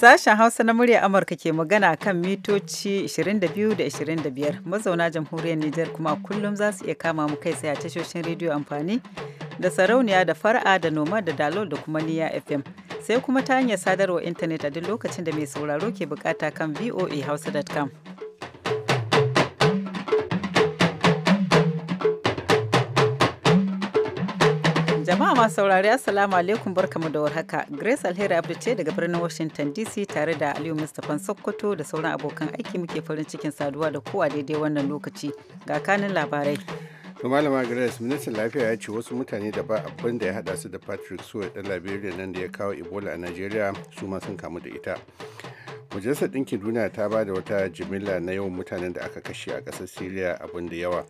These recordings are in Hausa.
Sashen Hausa na murya Amurka ke magana kan mitoci 22 da 25 mazauna jamhuriyar Nijar kuma kullum za su iya kama mu kai tsaye a tashoshin rediyo amfani da sarauniya da fara'a da noma da dalol da kuma niya FM. Sai kuma ta hanyar sadarwa intanet a duk lokacin da mai sauraro ke bukata kan voahausa.com. Jama'a masu saurari Assalamu alaikum barkamu da warhaka. Grace Alheri Abdu ce daga birnin Washington DC tare da Aliyu Mustapha Sokoto da sauran abokan aiki muke farin cikin saduwa da kowa daidai wannan lokaci. Ga kanin labarai. To Malama Grace, ministan lafiya ya ce wasu mutane da ba abin da ya hada su da Patrick suwa ɗan Liberia nan da ya kawo Ebola a nigeria su ma sun kamu da ita. Majalisar Ɗinkin Duniya ta ba da wata jimilla na yawan mutanen da aka kashe a ƙasar Syria abin da yawa.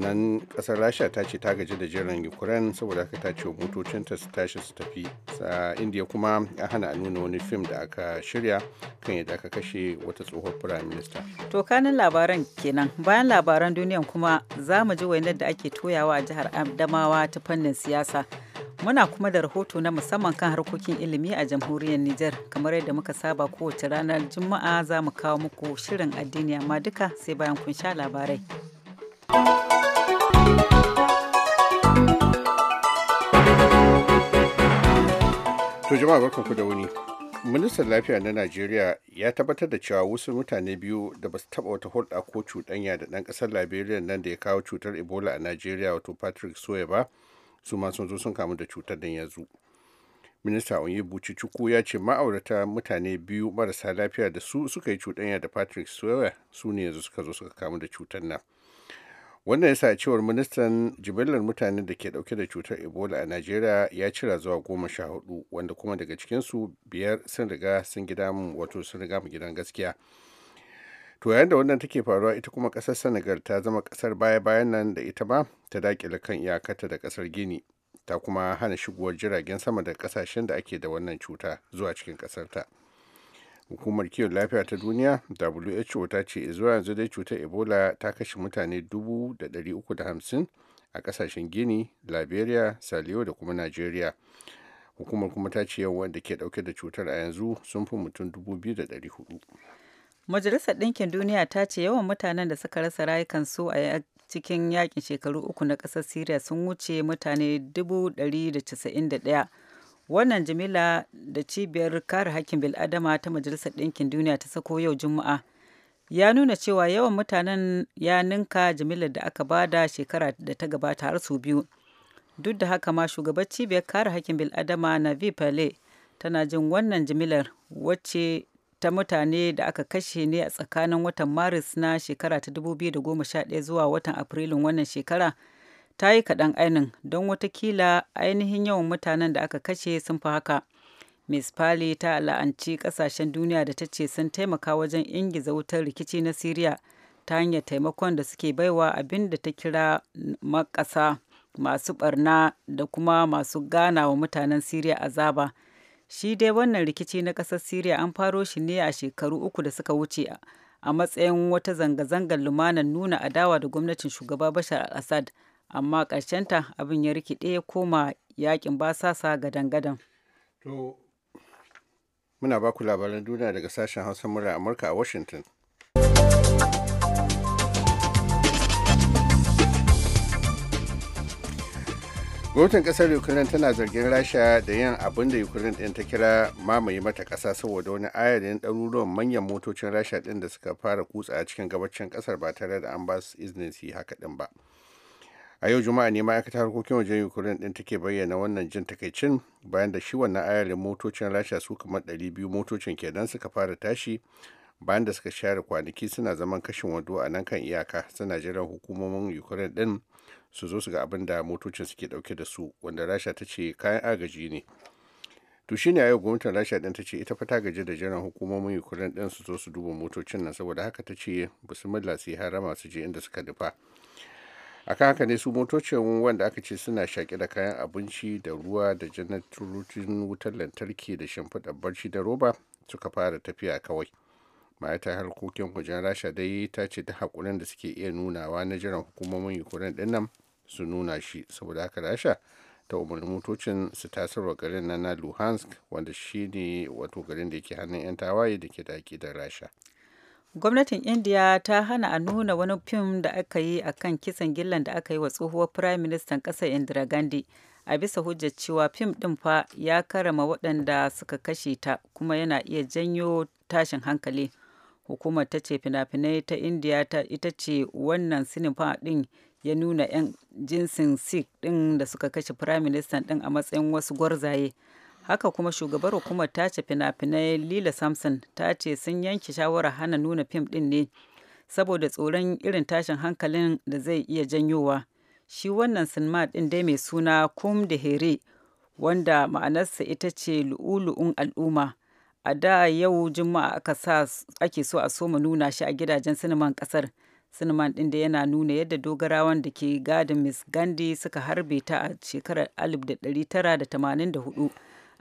sannan kasar rasha ta ce ta gaji da jiran ukraine saboda haka ta ce motocinta su tashi su tafi a india kuma ya hana a nuna wani fim da aka shirya kan yadda aka kashe wata tsohon prime minister to kanin labaran kenan bayan labaran duniyan kuma za mu ji wainar da ake toyawa a jihar adamawa ta fannin siyasa muna kuma da rahoto na musamman kan harkokin ilimi a jamhuriyar niger kamar yadda muka saba kowace ranar juma'a za mu kawo muku shirin addini amma duka sai bayan kun sha labarai. To jama'a barkanku da wuni. Ministan Lafiya na Najeriya ya tabbatar da cewa wasu mutane biyu da basu su taɓa wata hulɗa ko cuɗanya da ɗan ƙasar Liberia nan da ya kawo cutar Ebola a Najeriya wato Patrick Soya ba su ma sun zo sun kamu da cutar da yanzu. Minista Onyebuchi Chukwu ya ce ma'aurata mutane biyu marasa lafiya da su suka yi cuɗanya da Patrick Soya su ne yanzu suka zo suka kamu da cutar nan. wannan sa cewar ministan jibilar mutanen da ke dauke da cutar ebola a najeriya ya cira zuwa goma sha hudu wanda kuma daga cikinsu biyar sun riga sun gida mu wato sun riga mu gidan gaskiya to yayin da wannan take faruwa ita kuma kasar senegal ta zama kasar baya bayan nan da ita ba ta dakile kan iyakarta da kasar gini ta kuma hana shigowar jiragen sama da kasashen da ake da wannan cuta zuwa cikin kasarta. ta hukumar kiwon lafiya ta duniya who ta ce zuwa yanzu dai cutar ebola ta kashe mutane 350 a kasashen gini liberia saliyo da kuma nigeria hukumar kuma ta ce yawan wanda ke dauke da cutar a yanzu sun fi mutum 2,400 majalisar ɗinkin duniya ta ce yawan mutanen da suka rasa rayukansu a cikin yakin shekaru uku na ƙasar syria sun wuce mutane 191 wannan jimila da cibiyar kare hakkin bil'adama ta majalisar ɗinkin duniya ta sako yau juma'a ya nuna cewa yawan mutanen ya ninka jimilar da aka bada shekara da ta gabata har su biyu duk da haka ma shugabar cibiyar kare hakkin bil'adama na pale tana jin wannan jimilar wacce ta mutane da aka kashe ne a tsakanin watan maris na shekara ta 2011 zuwa watan afrilun wannan shekara ta yi kaɗan ainin don watakila ainihin yawan mutanen da aka kashe sun fi haka Ms. Pali ta la'anci ƙasashen duniya da ta ce sun taimaka wajen ingiza wutar rikici na Siriya ta hanyar taimakon da suke baiwa abin da ta kira makasa masu barna da kuma masu gana wa mutanen Siriya azaba. Shi dai wannan rikici na ƙasar Siriya an faro shi ne a shekaru uku da suka wuce a matsayin wata zanga-zangar lumanar nuna adawa da gwamnatin shugaba Bashar al-Assad amma ta abin ya rikide ya koma yakin basasa gadan-gadan. To, muna baku labaran duniya daga sashen Hausa mura Amurka a Washington. gwamnatin kasar ukraine tana zargin rasha da yin abin da ukraine din ta kira mamaye mata kasa saboda wani ayarin ɗaruruwan manyan motocin rasha din da suka fara kutsa a cikin gabacin kasar ba tare da an ba su izinin su yi haka din ba a yau juma'a ne ma'aikatar harkokin wajen ukraine din take bayyana wannan jin takaicin bayan da shi wannan ayalin motocin rasha su kamar ɗari biyu motocin kenan suka fara tashi bayan da suka share kwanaki suna zaman kashin wando a nan kan iyaka suna jiran hukumomin ukraine din su zo su ga abin da motocin suke dauke da su wanda rasha ta ce kayan agaji ne to shine a yau gwamnatin rasha din ta ce ita fa ta gaji da jiran hukumomin ukraine din su zo su duba motocin nan saboda haka ta ce bismillah su yi harama su je inda suka dufa akan haka ne su motocin wanda aka ce suna shaƙi da kayan abinci da ruwa da janaturutun wutar lantarki da shimfiɗar barci da roba suka fara tafiya kawai ma'aikatar harkokin wajen rasha dai ta ce ta haƙurin da suke iya nunawa na jiran hukumomin yukurin ɗin nan su nuna shi saboda haka rasha ta umarni motocin su tasarwa garin na luhansk wanda shine wato garin da yake hannun 'yan tawaye da ke da rasha gwamnatin indiya ta hana a nuna wani fim da aka yi a kan kisan gillan da aka yi wa tsohuwar firayim ministan ƙasar indira gandhi a bisa hujjar cewa fim ɗin fa ya karama waɗanda suka kashe ta kuma yana iya janyo tashin hankali hukumar ta ce fina-finai ta indiya ta ita ce wannan sinima ɗin ya nuna 'yan jinsin sikh ɗin da suka kashe firayim ministan ɗin a matsayin wasu gwarzaye haka kuma shugabar hukumar tace fina-finai lila samson ta ce sun yanke shawarar hana nuna fim din ne saboda tsoron irin tashin hankalin da zai iya janyowa shi wannan sinima din dai mai suna kum da here wanda ma'anarsa ita ce lu'ulu'un al'umma a da yau juma'a aka sa ake so a soma nuna shi a gidajen siniman kasar siniman din da yana nuna yadda dogarawan da ke gadin miss gandhi suka harbe ta a shekarar 1984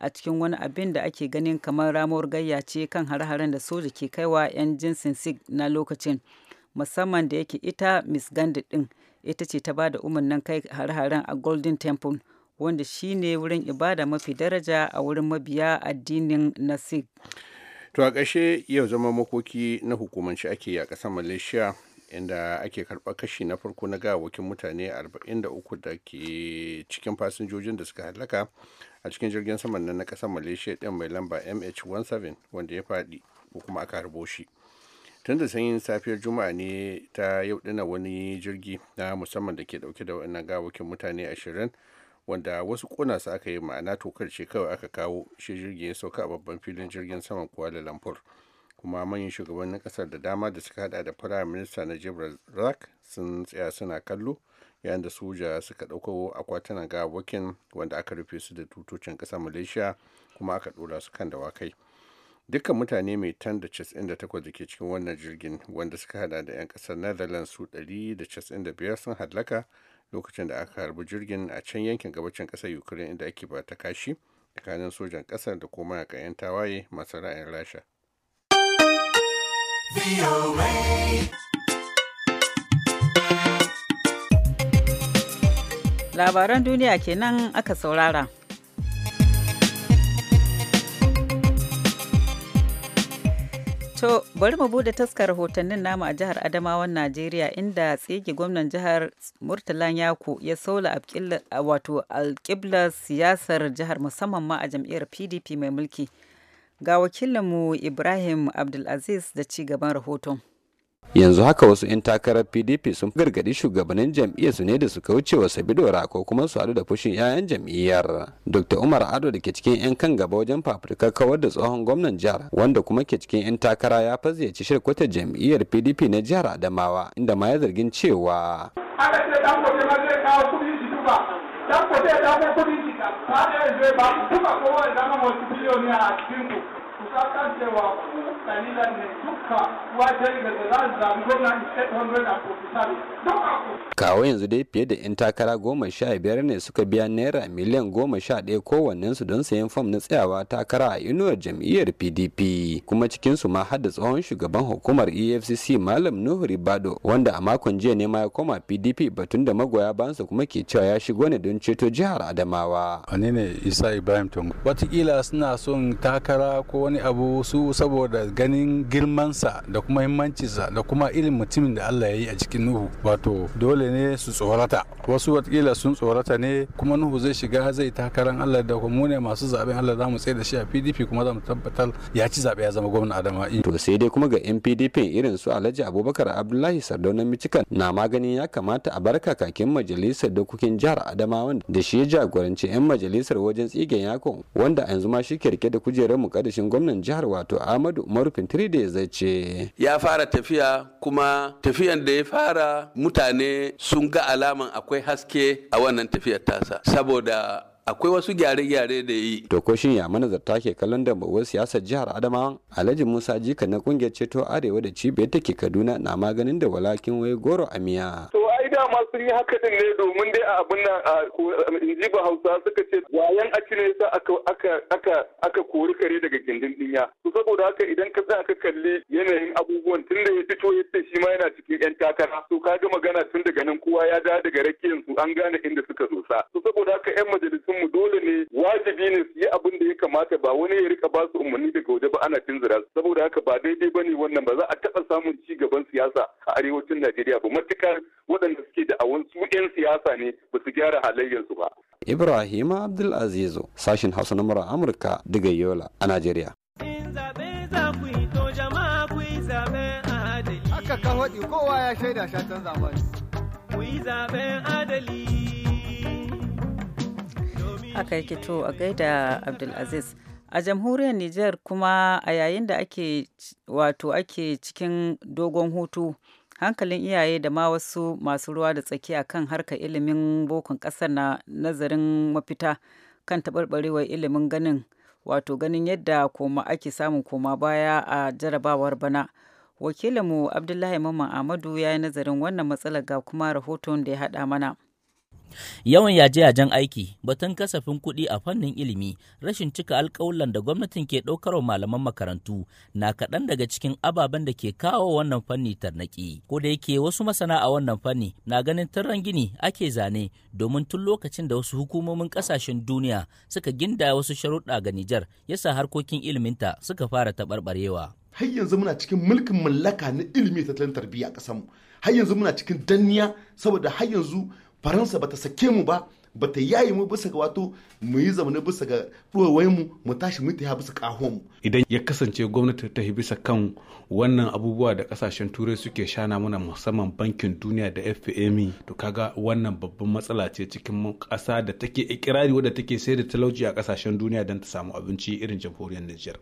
a cikin wani abin da ake ganin kamar ramuwar gayya ce kan hare-haren da soja ke kaiwa 'yan jinsin sikh na lokacin musamman da yake ita miss gandhi din ita ce ta ba da umarnin kai hare-haren a golden temple wanda shine wurin ibada mafi daraja a wurin mabiya addinin na sikh to a ƙashe yau zama makoki na hukumanci ake yi a ƙasar malaysia inda ake karɓar kashi na farko na gawakin mutane 43 da ke cikin fasinjojin da suka halaka a cikin jirgin saman nan na kasar malaysia ɗin mai lamba mh17 wanda ya faɗi ko kuma aka harbo shi tun da sanyin safiyar juma'a ne ta yau dina wani jirgi na musamman da ke dauke da wannan gawakin mutane ashirin wanda wasu kona su aka yi ma'ana tokar ce kawai aka kawo shi jirgi ya sauka a babban filin jirgin saman kuala kuma manyan shugabannin kasar da dama da suka hada da firayim minista na razak sun tsaya suna kallo yayin da soja suka ɗauko akwatunan gawakin wanda aka rufe su da tutocin ƙasar malaysia kuma aka ɗora su kan dawakai dukkan mutane mai tan da 98 da takwas da ke cikin wannan jirgin wanda suka hada da 'yan kasar netherlands su ɗari da biyar sun hallaka lokacin da aka harbi jirgin a can yankin gabacin ƙasar ukraine inda ake ba ta kashi tsakanin sojan ƙasar da kuma 'yan tawaye masu ra'ayin rasha Labaran duniya kenan aka saurara. To, bari mu bude taskar rahotannin namu a jihar Adamawan Najeriya inda tsege gwamnan jihar Murtala Yako ya saula wato alƙiblar siyasar jihar musamman ma a jam'iyyar PDP mai mulki. Ga wakilinmu Ibrahim Abdulaziz da ci gaban rahoton. yanzu haka wasu 'yan takarar pdp sun gargadi shugabannin su ne da su kauce wa sabidora ko kuma su haɗu da fushin 'ya'yan jam'iyyar dr umar ado da ke cikin 'yan kan gaba wajen fafirka kawar da tsohon gwamnan jihar wanda kuma ke cikin 'yan takara ya ya ci shirkwata jam'iyyar pdp na jihar adamawa inda ma ya zargin cewa Dan kote e dan política kote é chika. Ate e zwe ba. Puka kowe e dan kawo yanzu dai fiye da 'yan takara goma sha biyar ne suka biya naira miliyan goma sha ɗaya kowannensu don sayan fom na tsayawa takara a inuwar jam'iyyar pdp kuma cikinsu ma hada tsohon shugaban hukumar efcc malam nuhu ribado wanda a makon jiya ne ma ya koma pdp batun da magoya bansa kuma ke cewa ya shigo ne don ceto jihar adamawa. wani ne isa ibrahim tungu watakila suna son takara ko wani wani abu su saboda ganin girmansa da kuma himmancinsa da kuma irin mutumin da Allah ya yi a cikin Nuhu wato dole ne su tsorata wasu watakila sun tsorata ne kuma Nuhu zai shiga zai takarar Allah da kuma ne masu zaben Allah za mu tsaye da shi a PDP kuma za mu tabbatar ya ci zabe ya zama gwamna Adama to sai dai kuma ga NPDP irin su Alhaji Abubakar Abdullahi na michigan na maganin ya kamata a barka kakin majalisar dokokin jihar Adamawa da shi ya jagoranci 'yan majalisar wajen tsigen yakon wanda yanzu ma shi kirke da kujerar mu mukaddashin gwamnan jihar wato Ahmadu Umaru Fintiri da ya ce. Ya fara tafiya kuma tafiyan da ya fara mutane sun ga alaman akwai haske a wannan tafiyar tasa saboda akwai wasu gyare-gyare da yi. To ko shin ya zarta ke kallon dambawar siyasar jihar Adamawa? Alhaji Musa Jika na kungiyar ceto Arewa da cibiyar take Kaduna na maganin da walakin wai goro a miya. ma sun yi haka din ne domin dai a abin nan a inji ba hausa suka ce wayan aci ne sa aka kori kare daga gindin dinya to saboda haka idan ka tsaya ka kalli yanayin abubuwan tun da ya fito ya ce shi ma yana cikin yan takara to ka ga magana tun daga nan kowa ya da daga rakiyan su an gane inda suka dosa to saboda haka yan majalisun mu dole ne wajibi ne su yi abin da ya kamata ba wani ya rika ba su umarni daga waje ba ana tunzura saboda haka ba daidai bane wannan ba za a taɓa samun ci gaban siyasa a arewacin Najeriya ba matukar waɗanda suke da awon su 'yan siyasa ne ba su gyara halayyarsu ba. Ibrahim Abdulaziz sashin Hausa na Amurka daga Yola a Najeriya. Haka kan waɗi kowa ya shaida shatan zamani. Ku yi zaɓen adali. Aka yi kito a gaida Abdulaziz. a jamhuriyar Nijar kuma a yayin da ake wato ake cikin dogon hutu hankalin iyaye da ma wasu masu ruwa da tsakiya kan harkar ilimin bokon Ƙasa na nazarin mafita kan taɓarɓarewar ilimin ganin wato ganin yadda koma ake samun koma baya a jarabawar bana wakilinmu abdullahi mamman amadu ya yi nazarin wannan matsalar ga kuma rahoton da ya haɗa mana Yawan yaje-yajen aiki, batun kasafin kuɗi a fannin ilimi, rashin cika alƙawulan da gwamnatin ke ɗaukar malaman makarantu na kaɗan daga cikin ababen da ke kawo wannan fanni tarnaki. Ko da yake wasu masana a wannan fanni na ganin tarran gini ake zane domin tun lokacin da wasu hukumomin ƙasashen duniya suka ginda wasu sharuɗa ga Nijar yasa harkokin iliminta suka fara taɓarɓarewa. har yanzu muna cikin mulkin mallaka na ilimi ta tarbiyya a ƙasarmu har yanzu muna cikin danniya saboda har yanzu faransa bata sake mu ba bata yayi mu bisa ga wato mu yi zamani bisa ga ɗuwawai mu mu tashi mu ta bisa kahon mu. Idan ya kasance gwamnati ta bisa kan wannan abubuwa da kasashen turai suke shana mana musamman bankin duniya da FMI e, to kaga wannan babban matsala ce cikin kasa da take ikirari wadda take sai da talauci a kasashen duniya don ta samu abinci irin jamhuriyar Nijar.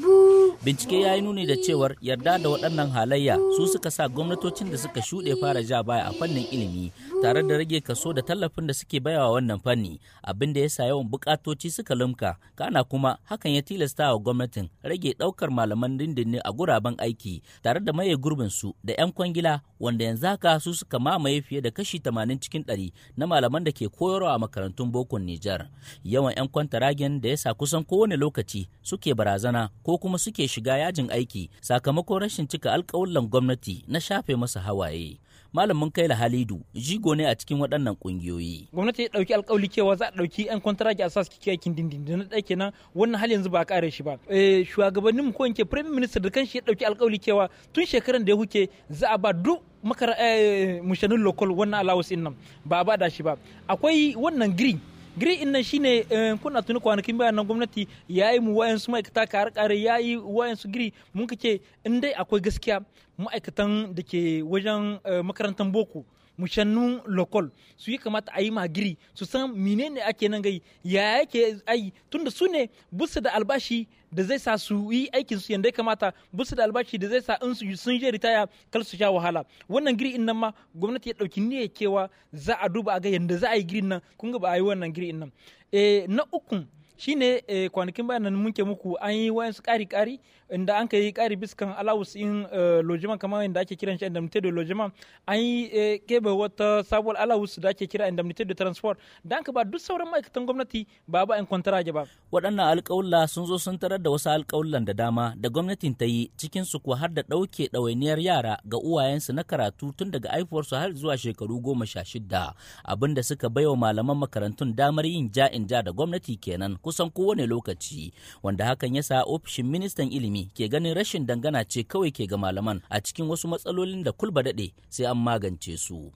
Bu. bincike ya yi nuni da cewar yarda da waɗannan halayya su suka sa gwamnatocin da suka shuɗe fara ja baya a fannin ilimi tare da rage kaso da tallafin da suke bayawa wannan fanni abin da ya sa yawan bukatoci suka lumka kana kuma hakan ya tilasta wa gwamnatin rage ɗaukar malaman dindindin a guraben aiki tare da maye gurbin su da 'yan kwangila wanda yanzu haka su suka mamaye fiye da kashi 80 cikin ɗari na malaman da ke koyarwa a makarantun bokon Nijar yawan 'yan kwanta ragen da ya sa kusan kowane lokaci suke barazana ko kuma suke shiga yajin aiki sakamakon rashin cika alkawullan gwamnati na shafe masa hawaye. Malamin Kaila Halidu jigo ne a cikin waɗannan ƙungiyoyi. Gwamnati ya ɗauki alƙawali cewa za a ɗauki 'yan kwantaraki a sa su kike aikin dindindin na ɗaya kenan wannan hal yanzu ba a ƙare shi ba. Eh, shugabannin ko in ce Prime Minister da kanshi ya ɗauki alƙawali cewa tun shekaran da ya huke za a ba duk makar eh, mushanin lokal wannan allowance din nan ba a ba da shi ba akwai wannan green giri ina nan shine eh, kuna tuni kwanakin bayan nan gwamnati ya yi mu wayansu ma'aikata kare kare ya yi wayansu giri mun kace in dai akwai gaskiya ma'aikatan da ke wajen eh, makarantar boko mu mushannun lokol su yi kamata a yi magiri su san menene ake nan gai ya yake ai tunda su ne busu da albashi da zai sa su yi aikin su yadda ya kamata busu da albashi da zai sa in su sun je ritaya kar su sha wahala wannan giri in nan ma gwamnati ya dauki niyya kewa za a duba a ga yadda za a yi girin nan kun ga ba a yi wannan giri in nan eh, na uku. Shi ne eh, kwanakin bayanan nan muke muku an yi wayansu kari-kari inda an ka yi kari biskan alawus in eh, lojiman kamar yadda ake kiran shi indemnité da logement an yi eh, kebe wata sabuwar alawus da ake kira indemnité da transport da an ba duk sauran ma'aikatan gwamnati ba ba in kwantara ba waɗannan alƙawulla sun zo sun tarar da wasu alƙawullan da dama da gwamnatin ta yi cikin su kuwa har da ɗauke ɗawainiyar yara ga uwayensu na karatu tun daga haifuwarsu har zuwa shekaru goma sha shida abinda suka baiwa malaman makarantun damar yin ja in ja da gwamnati kenan kusan kowane lokaci wanda hakan ya sa ofishin ministan ilimi ke ganin rashin dangana ce kawai ke ga malaman a cikin wasu matsalolin da kulba daɗe sai an magance su.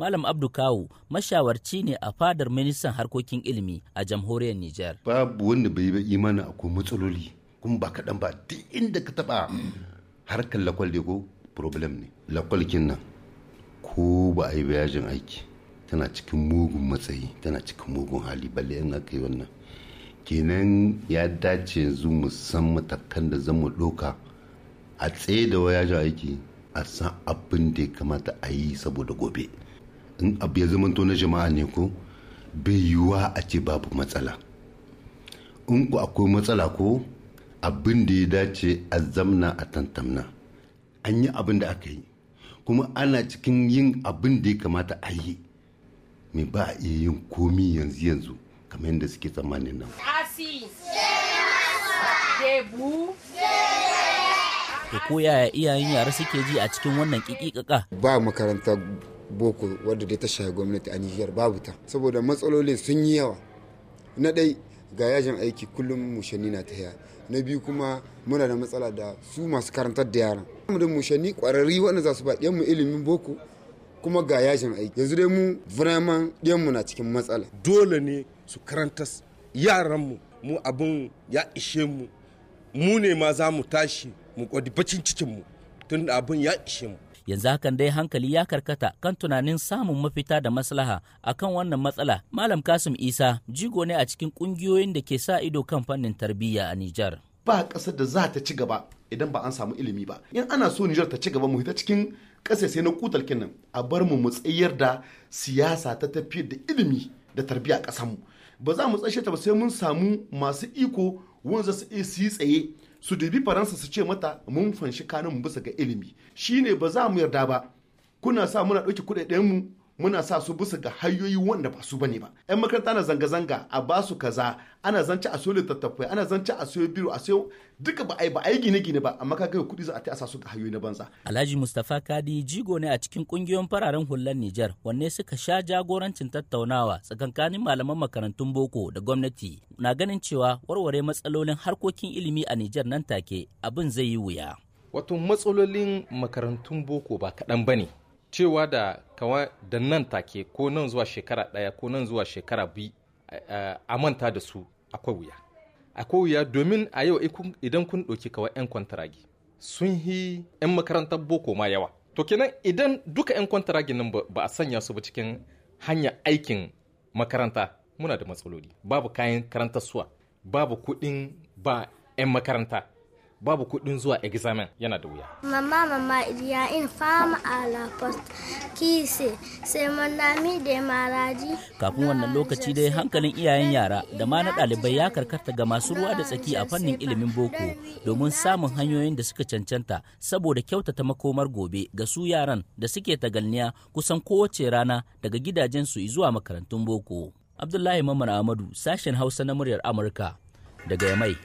Malam Abdu Kawu mashawarci ne a fadar ministan harkokin ilimi a jamhuriyar Nijar. Babu wanda bai yi imana akwai matsaloli kuma ba kaɗan ba duk inda ka taɓa harkar lakwal da ko problem ne. Lakwal nan ko ba a yi yajin aiki tana cikin mugun matsayi tana cikin mugun hali balle in aka yi wannan. kenan ya dace yanzu mu san matakan da zamu ɗauka a tsaye da waya aiki a san abin da ya kamata a yi saboda gobe in abu ya zama na jama'a ne ko bai yiwuwa a ce babu matsala in ku akwai matsala ko abin da ya dace a zamna a tantamna an yi abin da aka yi kuma ana cikin yin abin da ya kamata a yi mai ba a iya yin komi yanzu yanzu kamar yadda suke tsammanin nan asi debu to koya ya iyayen yara suke ji a cikin wannan kikikaka ba makaranta boko wadda dai ta shaye gwamnati a Nijar babu ta saboda matsalolin sun yi yawa na dai ga yajin aiki kullum mushanni na ta na biyu kuma muna da matsala da su masu karantar da yaran mu da mushanni kwararri wanda za su ba mu ilimin boko kuma ga yajin aiki yanzu dai mu vraiment mu na cikin matsala dole ne su karanta yaranmu mu abin ya ishe mu mu ne ma za mu tashi mu kwadi bacin cikinmu tun abin ya ishe mu yanzu hakan dai hankali ya karkata kan tunanin samun mafita da maslaha akan wannan matsala malam kasim isa jigo ne a cikin kungiyoyin da ke sa ido kan fannin tarbiyya a nijar ba ƙasar da za ta ci gaba idan ba an samu ilimi ba in ana so nijar ta ci gaba mu hita cikin ƙasa sai na kutalkin nan a bar mu mu tsayar da siyasa ta tafiyar da ilimi da tarbiyya ƙasar mu ba za mu tsashe ta ba sai mun samu masu iko wanda su iya tsaye su dubi faransa su ce mata mun fanshi mu bisa ga ilimi shine ba za mu yarda ba kuna sa muna ɗauki kuɗaɗen mu muna sa su bisa ga hanyoyi wanda ba su bane ba yan makaranta na zanga-zanga a ba su kaza ana zance a soyo littattafai ana zance a soyo biro a soyo duka ba a yi ba a gine-gine ba amma ka gaya kuɗi za a ta sa su ga hanyoyi na banza. alhaji mustapha kadi jigo ne a cikin kungiyoyin fararen hular nijar wanne suka sha jagorancin tattaunawa tsakankanin malaman makarantun boko da gwamnati na ganin cewa warware matsalolin harkokin ilimi a nijar nan take abin zai yi wuya. wato matsalolin makarantun boko ba kaɗan ba ne cewa da kawa da nan take ko nan zuwa shekara ɗaya ko nan zuwa shekara biyu a manta da su akwai wuya akwai wuya domin a yau idan kun ɗauki kawai 'yan kwantaragi sun yi 'yan makarantar boko ma yawa to kenan idan duka 'yan kwantaragi nan ba a sanya su ba cikin hanya aikin makaranta muna da matsaloli babu kayan karanta suwa babu kuɗin ba 'yan makaranta babu kuɗin zuwa examen yana da wuya. Mama mama iya in fama a post kise sai manami da maraji. Kafin wannan lokaci dai hankalin iyayen yara da ma na ɗalibai ya karkata ga masu ruwa da tsaki a fannin ilimin boko domin samun hanyoyin da suka cancanta saboda kyautata makomar gobe ga su yaran da suke tagalniya kusan kowace rana daga gidajensu zuwa makarantun boko. Abdullahi Mamman Ahmadu sashen Hausa na muryar Amurka daga Yamai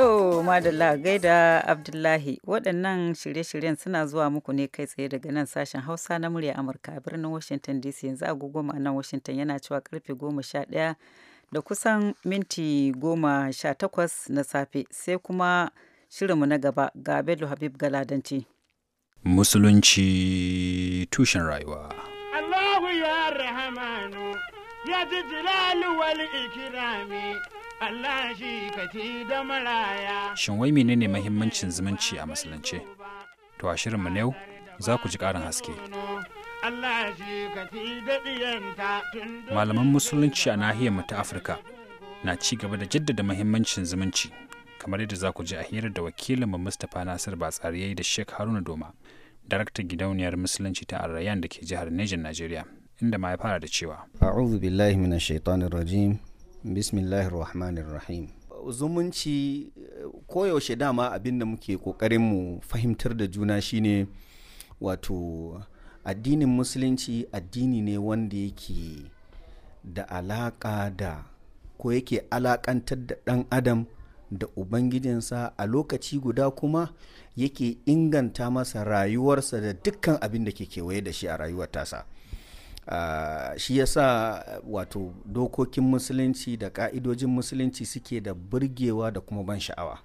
To Madalla gaida Abdullahi waɗannan shirye-shiryen suna zuwa muku ne kai tsaye daga nan sashen Hausa na murya Amurka a birnin Washington DC yanzu agogo ma'anar Washington yana cewa karfe goma sha ɗaya da kusan minti goma sha takwas na safe sai kuma shirinmu na gaba ga Bello Habib Galadanci. Musulunci tushen rayuwa. Allahu ya rahamanu ya ji wal ikirami. Allah shi ka ci da maraya. Shin wai menene muhimmancin zumunci a Musulunci? To a shirinmu na yau za ku ji ƙarin haske. Malaman musulunci a nahiyar mu ta Afirka na ci gaba da jaddada muhimmancin zumunci kamar yadda za ku ji a hirar da Wakilin wakilinmu Mustapha Nasir Batsari ya da Sheikh Haruna Doma, daraktan gidauniyar musulunci ta Arrayan da ke jihar Niger, Najeriya, inda ma ya fara da cewa. A'udhu billahi minash shaitanir rajim. bismillahir rahmanir rahim zumunci koyaushe dama abin da muke kokarin mu fahimtar da juna shine wato addinin musulunci addini ne wanda yake da alaka da ko yake alakantar da ɗan adam da ubangijinsa a lokaci guda kuma yake inganta masa rayuwarsa da dukkan abin da ke kewaye da shi a rayuwar tasa Ah, shi yasa wato dokokin musulunci da ka'idojin musulunci suke da burgewa da kuma ban sha'awa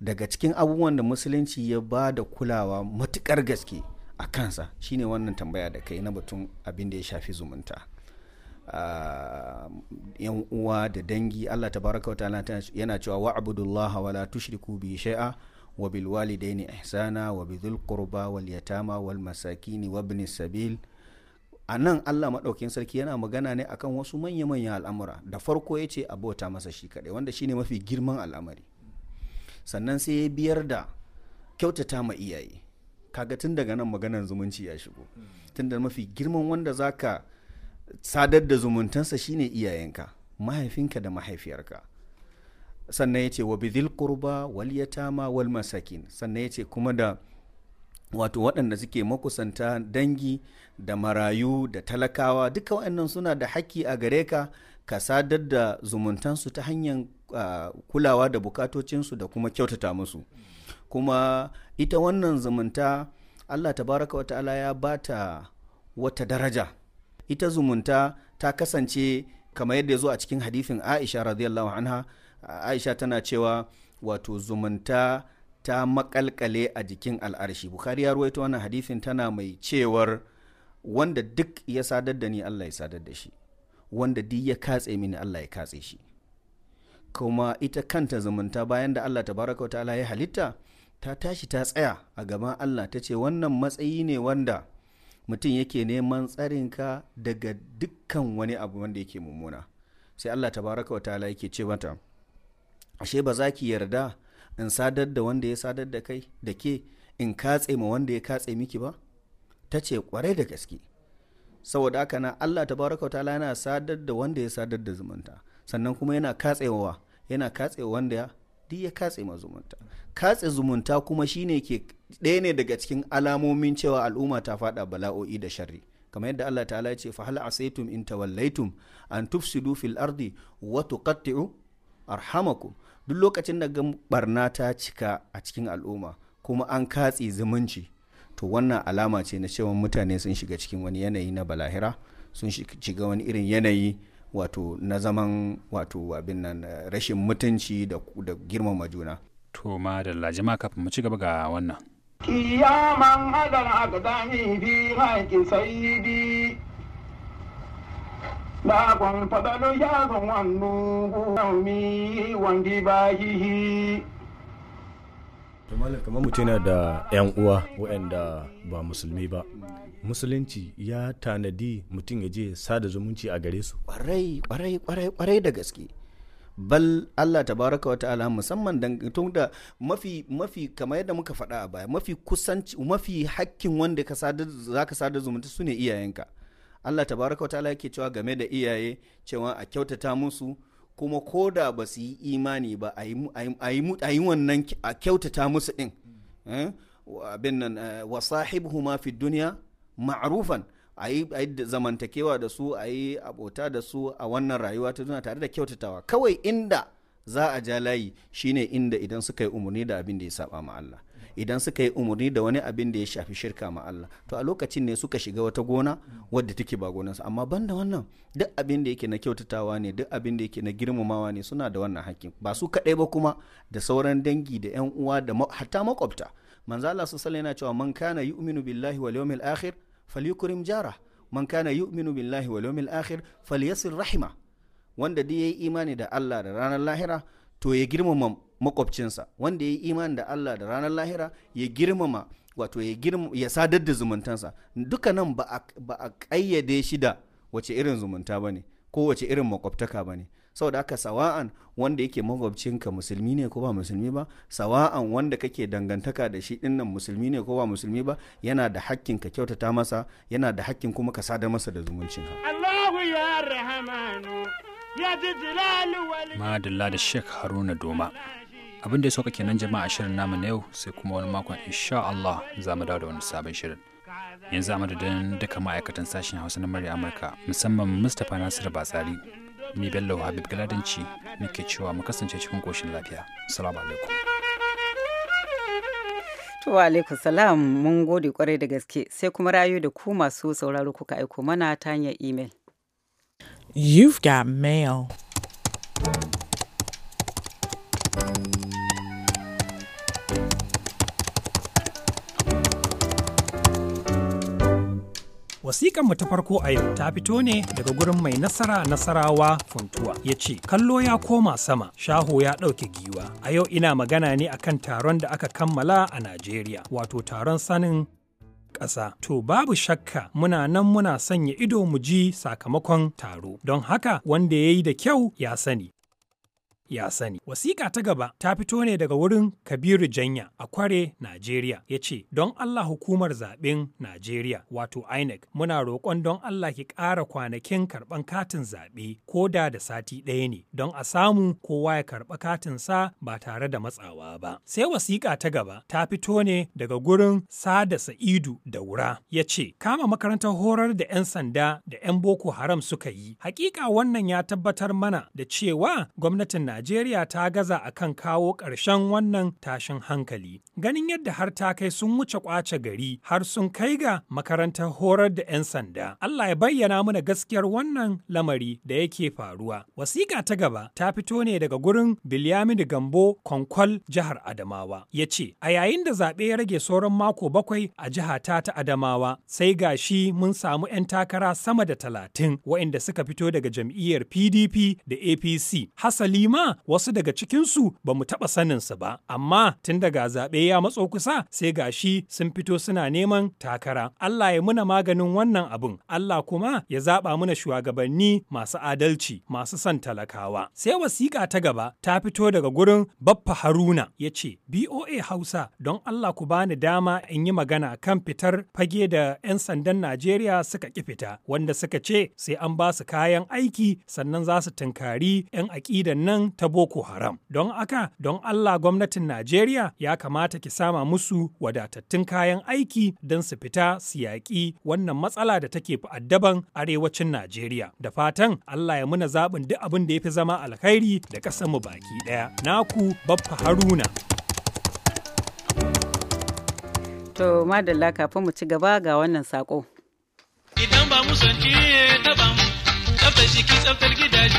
daga cikin abubuwan da musulunci ya ba da kulawa matukar gaske a kansa shine wannan tambaya da kai na batun abin da ya shafi zumunta ah, yan uwa da dangi Allah ta tabaraka wa ta'ala yana cewa wa'budullaha wala tushriku bi shay'a wa bil walidaini ihsana wa bi qurba wal yatama wal masakini wa ibnis sabil a nan allah maɗaukin sarki yana magana ne akan wasu manya-manyan al'amura da farko ya ce abota masa shi kaɗai wanda shine mafi girman al'amari sannan sai ya biyar da kyautata ma iyaye kaga tun daga nan maganar zumunci ya shigo tun da mafi girman wanda za ka sadar da zumuntansa shine iyayenka mahaifinka da mahaifiyarka sannan ya ce wa bidil kurba wal yatama wal masakin sannan ya ce kuma da wato waɗanda suke makusanta dangi da marayu da talakawa duka waɗannan suna da haƙƙi a gare ka ka sadar da zumuntansu ta hanyar kulawa da bukatocinsu da kuma kyautata musu kuma ita wannan zumunta allah ta baraka wa ta'ala ya ba ta wata daraja ita zumunta ta kasance kamar yadda ya zo a cikin hadifin aisha radiyallahu anha aisha tana cewa wato zumunta ta makalkale a jikin al'arshi bukhari ya ruwaito wannan hadisin tana mai cewar wanda duk ya sadar da ni allah ya sadar da shi wanda duk ya katse mini allah ya katse shi kuma ita kanta zumunta bayan da allah tabaraka ta'ala ya halitta ta tashi ta tsaya a gaban allah ta ce wannan matsayi ne wanda mutum yake neman tsarin ka daga dukkan wani abu wanda yake mummuna sai allah tabaraka ta'ala yake ce mata ashe ba za ki yarda in sadar da wanda ya sadar da kai da ke in katse ma wanda ya katse miki ba ta ce kwarai da gaske saboda haka na Allah ta tabaraka ta'ala yana sadar da wanda ya sadar da zumunta sannan kuma yana katsewa yana katsewa wanda ya duk ya katse ma zumunta katse zumunta kuma shine ke ɗaya ne daga cikin alamomin cewa al'umma ta fada bala'o'i da sharri kamar yadda Allah ta'ala ya ce fa hal asaitum in tawallaitum an tufsidu fil ardi wa tuqatti'u arhamakum duk lokacin da barna ta cika a cikin al'umma kuma an katse zumunci to wannan alama ce na cewa mutane sun shiga cikin wani yanayi na balahira sun shiga wani irin yanayi wato na zaman wato abin nan rashin mutunci da, girmama juna to ma da lajima kafin mu ci gaba ga wannan adal aqdami fi sayyidi Dakon fadalu ya zan wannu gumi wangi bahihi. kamar mutum yana da 'yan uwa waɗanda ba musulmi ba musulunci ya tanadi mutum ya je sada zumunci a gare su kwarai kwarai kwarai kwarai da gaske bal Allah tabaraka wa ta'ala musamman da mafi mafi kamar yadda muka faɗa a baya mafi kusanci mafi hakkin wanda ka sada zaka sada zumunta sune iyayenka Allah ta baraka wata yake cewa game da iyaye cewa a kyautata musu kuma ko da ba su yi imani ba a yi wannan a kyautata musu ɗin eh? abin nan eh, wa huma fi duniya ma'rufan a yi zamantakewa da su a yi abota da su a wannan rayuwa ta duniya tare da kyautatawa kawai inda za a ja layi shine inda idan suka yi umarni da abin da ya saba ma Allah idan suka yi umarni da wani abin da ya shafi shirka ma Allah to a lokacin ne suka shiga wata gona wadda take ba gonansa amma banda wannan duk abin da yake na kyautatawa ne duk abin da yake na girmamawa ne suna da wannan hakkin ba su kaɗai ba kuma da sauran dangi da yan uwa da hatta makwabta manzo Allah su yana cewa man kana yu'minu billahi wal yawmil akhir falyukrim jara man kana yu'minu billahi wal yawmil akhir falyasir rahima wanda duk yayi imani da Allah da ranar lahira to ya girmama makwabcinsa wanda ya yi imani da Allah da ranar lahira ya girmama wato ya girma ya sadar da zumuntansa nan ba a ƙayyade shi da wace irin zumunta ba ne ko wace irin makwabtaka ba ne saboda haka sawa'an wanda yake makwabcinka musulmi ne ko ba musulmi ba sawa'an wanda kake dangantaka da shi dinnan musulmi ne ko ba musulmi ba yana da hakkin ka kyautata masa yana da hakkin kuma ka sadar masa da zumuncin Allahu ya rahamanu ya wal madalla da Sheikh Haruna Doma abin da ya sauka kenan jama'a shirin namu na yau sai kuma wani makon insha Allah za mu dawo da wani sabon shirin yanzu a madadin duka ma'aikatan sashen hausa na murya amurka musamman mustapha nasiru batsari ni bello habib galadanci nake cewa mu kasance cikin koshin lafiya assalamu alaikum To alaikum salam mun gode kwarai da gaske sai kuma rayu da ku masu sauraro kuka aiko mana ta hanyar email. You've got mail. Wasikan mu ta farko a yau ta fito ne daga gurin mai nasara nasarawa funtuwa ya ce kallo ya koma sama shaho ya ɗauke giwa a yau ina magana ne akan taron da aka kammala a Najeriya wato taron sanin ƙasa. To babu shakka muna nan muna sanya ido mu ji sakamakon taro. Don haka wanda ya yi da kyau ya sani, ya sani. Wasiƙa ta gaba ta fito ne daga wurin Kabiru Janya a Kware, Najeriya. Ya ce, Don Allah hukumar zaɓen Najeriya, wato INEC, muna roƙon don Allah ki ƙara kwanakin karɓan katin zaɓe ko da da sati ɗaya ne, don a samu kowa ya karɓa katinsa ba tare da matsawa ba. Sai wasiƙa ta gaba ta fito ne daga gurin Sada Sa'idu da Wura. Ya ce, Kama makarantar horar da 'yan sanda da 'yan Boko Haram suka yi. haƙiƙa wannan ya tabbatar mana da cewa gwamnatin Najeriya ta gaza a kan kawo ƙarshen wannan tashin hankali. Ganin yadda har ta kai sun wuce ƙwace gari har sun kai ga makarantar horar da 'yan sanda. Allah ya bayyana mana gaskiyar wannan lamari da yake faruwa. Wasiƙa ta gaba ta fito ne daga gurin Bilyamin Gambo Konkwal jihar Adamawa. Ya ce, a yayin da zaɓe ya rage sauran mako bakwai a jiha ta ta Adamawa, sai ga shi mun samu 'yan takara sama da talatin wa'inda suka fito daga jam'iyyar PDP da APC. Hasali ma wasu daga cikinsu ba mu taɓa saninsu ba. Amma tun daga zaɓe ya matso kusa sai gashi sun fito suna neman takara. Allah ya muna maganin wannan abun. Allah kuma ya zaɓa muna shugabanni masu adalci, masu son talakawa. Sai wasiƙa ta gaba ta fito daga gurin Baffa Haruna ya ce, BOA Hausa don Allah ku bani dama in yi magana kan fitar fage da 'yan sandan Najeriya suka ƙi fita, wanda suka ce sai an ba su kayan aiki sannan za su tunkari 'yan aƙidan nan ta Boko Haram. Don aka don Allah gwamnatin Najeriya ya kamata ki sama musu wadatattun kayan aiki don su fita su yaƙi wannan matsala da take addaban arewacin Najeriya. Da fatan Allah ya muna zaɓin duk abin da ya fi zama alkhairi da ƙasarmu baki ɗaya. Naku Baffa Haruna. To madalla kafin mu ci gaba ga wannan sako. Idan ba mu sanci eh, ta ba mu, tsaftar ki tsaftar gidaje.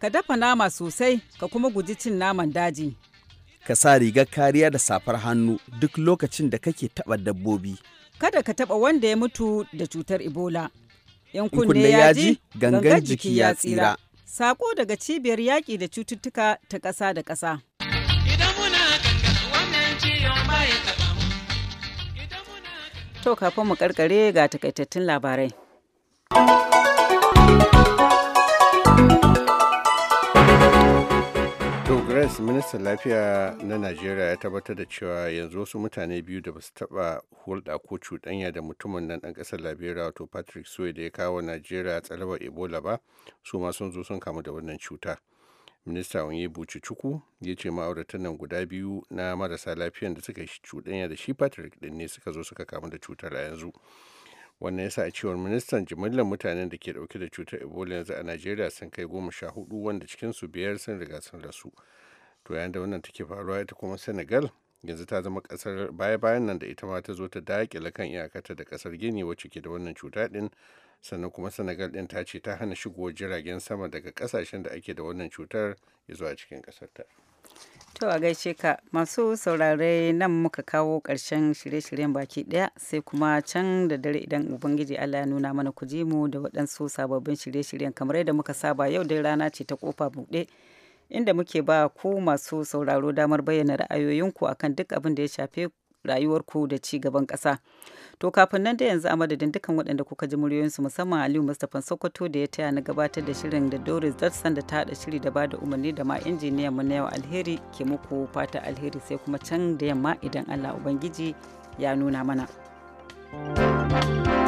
Ka dafa nama sosai ka kuma guji cin naman daji. Ka sa rigar kariya da safar hannu duk lokacin da kake taɓa dabbobi. Kada ka taɓa wanda ya mutu da cutar Ebola. In kunne ya ji gangan jiki ya tsira. Sako daga cibiyar yaƙi da cututtuka ta ƙasa da ƙasa. To kafin mu karkare ga takaitattun labarai. to grace ministan lafiya na najeriya ya tabbatar da cewa yanzu wasu mutane biyu da basu taba hulɗa ko cuɗanya da mutumin nan ɗan ƙasar liberia wato patrick soy da ya kawo najeriya tsalabar ebola ba su ma sun zo sun kamu da wannan cuta minista onye buci cuku ya ce ma'auratan nan guda biyu na marasa lafiyan da suka yi cuɗanya da shi patrick ɗin ne suka zo suka kamu da cutar a yanzu wannan yasa a cewar ministan jimillar mutanen da ke dauke da cutar ebola yanzu a najeriya sun kai goma sha hudu wanda cikinsu biyar sun riga sun rasu to yayin da wannan take faruwa ita kuma senegal yanzu ta zama kasar baya-bayan nan da ita ma ta zo ta dakile kan iyakata da kasar gini wacce ke da wannan cuta din sannan kuma senegal din ta ce ta hana shigowar jiragen sama daga kasashen da ake da wannan cutar ya zuwa cikin kasar ta. To a gaishe ka masu saurare nan muka kawo ƙarshen shirye-shiryen baki ɗaya sai kuma can da dare idan Ubangiji Allah ya nuna mana ku ji mu da waɗansu sababbin shirye-shiryen kamar yadda muka saba yau dai rana ce ta kofa buɗe inda muke ba ku masu sauraro damar bayyana ra'ayoyinku akan duk abin da ya shafe rayuwarku da ci gaban ƙasa. To kafin nan da yanzu a madadin dukkan waɗanda kuka ji muryoyinsu musamman Aliyu Mustapha Sokoto da ya taya na gabatar da shirin da Doris Dodson da ta haɗa shiri da bada umarni da ma injiniyan mu na yau alheri ke muku fata alheri sai kuma can da yamma idan Allah Ubangiji ya nuna mana. thank you